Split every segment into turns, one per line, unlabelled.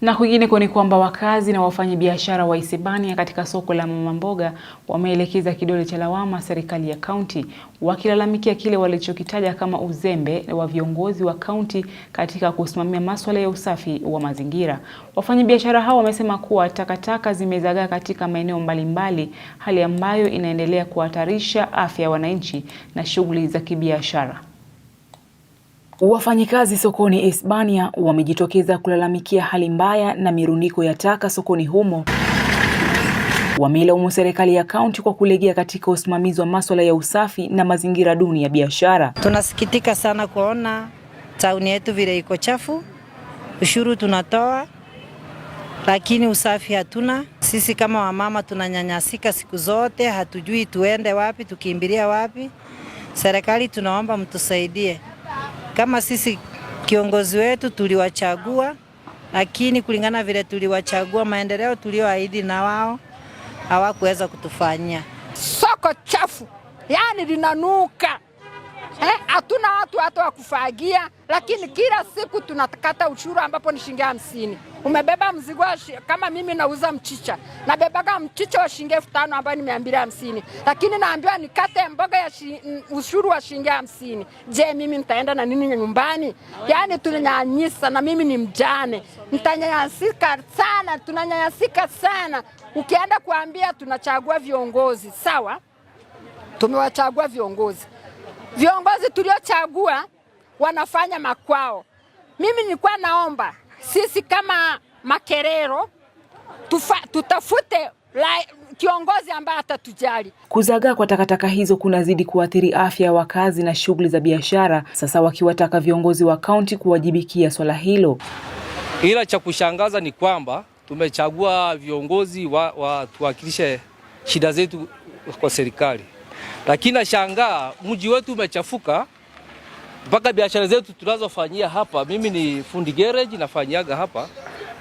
Na kwingineko ni kwamba wakazi na wafanyabiashara wa Isebania katika soko la mama mboga wameelekeza kidole cha lawama serikali ya kaunti, wakilalamikia kile walichokitaja kama uzembe wa viongozi wa kaunti katika kusimamia masuala ya usafi wa mazingira. Wafanyabiashara hao wamesema kuwa takataka zimezagaa katika maeneo mbalimbali, hali ambayo inaendelea kuhatarisha afya ya wananchi na shughuli za kibiashara. Wafanyikazi sokoni Hispania wamejitokeza kulalamikia hali mbaya na mirundiko ya taka sokoni humo. Wameilaumu serikali ya kaunti kwa kulegea katika usimamizi wa masuala ya usafi na mazingira duni ya biashara.
Tunasikitika sana kuona tauni yetu vile iko chafu. Ushuru tunatoa lakini usafi hatuna. Sisi kama wamama tunanyanyasika siku zote, hatujui tuende wapi, tukimbilia wapi. Serikali tunaomba mtusaidie kama sisi kiongozi wetu tuliwachagua, lakini kulingana vile tuliwachagua, maendeleo tulioahidi na wao hawakuweza kutufanyia.
Soko chafu, yani linanuka. Eh, hatuna eh, watu hata wakufagia lakini kila siku tunakata ushuru ambapo ni shilingi hamsini. Umebeba mzigo kama mimi nauza mchicha, nabebaga mchicha wa shilingi elfu tano ambayo ni mia mbili hamsini, lakini naambiwa nikate mboga ya shi, mm, ushuru wa shilingi hamsini. Je, mimi nitaenda na nini nyumbani? Yaani tunanyanyisa, na mimi ni mjane, nitanyanyasika sana, tunanyanyasika sana. Ukienda kuambia tunachagua viongozi, sawa, tumewachagua viongozi Viongozi tuliochagua wanafanya makwao. Mimi nilikuwa naomba sisi kama Makerero tufa, tutafute la, kiongozi ambaye atatujali.
Kuzagaa kwa takataka hizo kunazidi kuathiri afya ya wakazi na shughuli za biashara, sasa wakiwataka viongozi wa kaunti kuwajibikia swala hilo.
Ila cha kushangaza ni kwamba tumechagua viongozi wa, wa tuwakilishe shida zetu kwa serikali. Lakini nashangaa mji wetu umechafuka mpaka biashara zetu tunazofanyia hapa, mimi ni fundi garage nafanyaga hapa,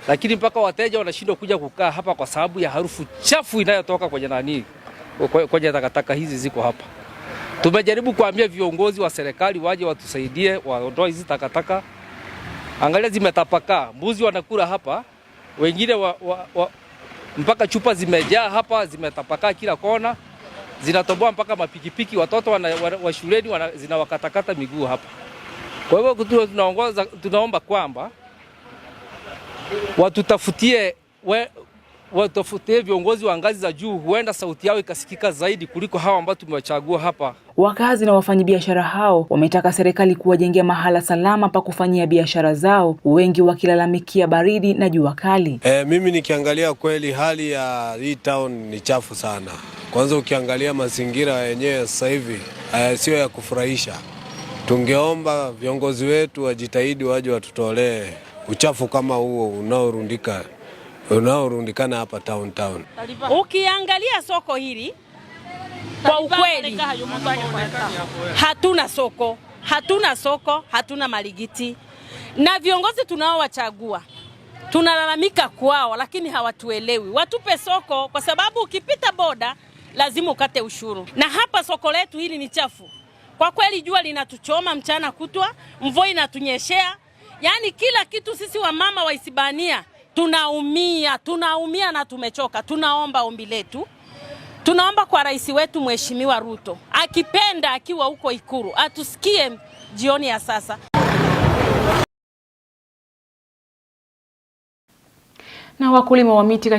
lakini mpaka wateja wanashindwa kuja kukaa hapa kwa sababu ya harufu chafu inayotoka kwenye nani, kwenye takataka hizi ziko hapa. Tumejaribu kuambia viongozi wa serikali waje watusaidie, waondoe hizi takataka. Angalia zimetapakaa, mbuzi wanakula hapa, wengine wa, wa, wa, mpaka chupa zimejaa hapa, zimetapakaa kila kona zinatoboa mpaka mapikipiki, watoto wana, wa shuleni zinawakatakata miguu hapa. Kwa hivyo tunaongoza, tunaomba kwamba watutafutie we, watafutie viongozi wa ngazi za juu, huenda sauti yao ikasikika zaidi kuliko hawa ambao tumewachagua hapa.
Wakazi na wafanyabiashara hao wametaka serikali kuwajengea mahala salama pa kufanyia biashara zao, wengi wakilalamikia baridi na jua kali.
E, mimi nikiangalia kweli hali ya hii town ni chafu sana. Kwanza ukiangalia mazingira yenyewe sasa hivi eh, sio ya kufurahisha. Tungeomba viongozi wetu wajitahidi, waje watutolee uchafu kama huo unaorundika unaorundikana hapa town town.
Ukiangalia soko hili kwa ukweli, hatuna soko, hatuna soko, hatuna maligiti na viongozi tunaowachagua tunalalamika kwao, lakini hawatuelewi. Watupe soko, kwa sababu ukipita boda lazima ukate ushuru. Na hapa soko letu hili ni chafu kwa kweli, jua linatuchoma mchana kutwa, mvua inatunyeshea, yaani kila kitu. Sisi wamama wa Isibania tunaumia, tunaumia na tumechoka. Tunaomba ombi letu tunaomba kwa rais wetu Mheshimiwa Ruto akipenda, akiwa huko Ikuru atusikie jioni ya sasa. Na wakulima wa miti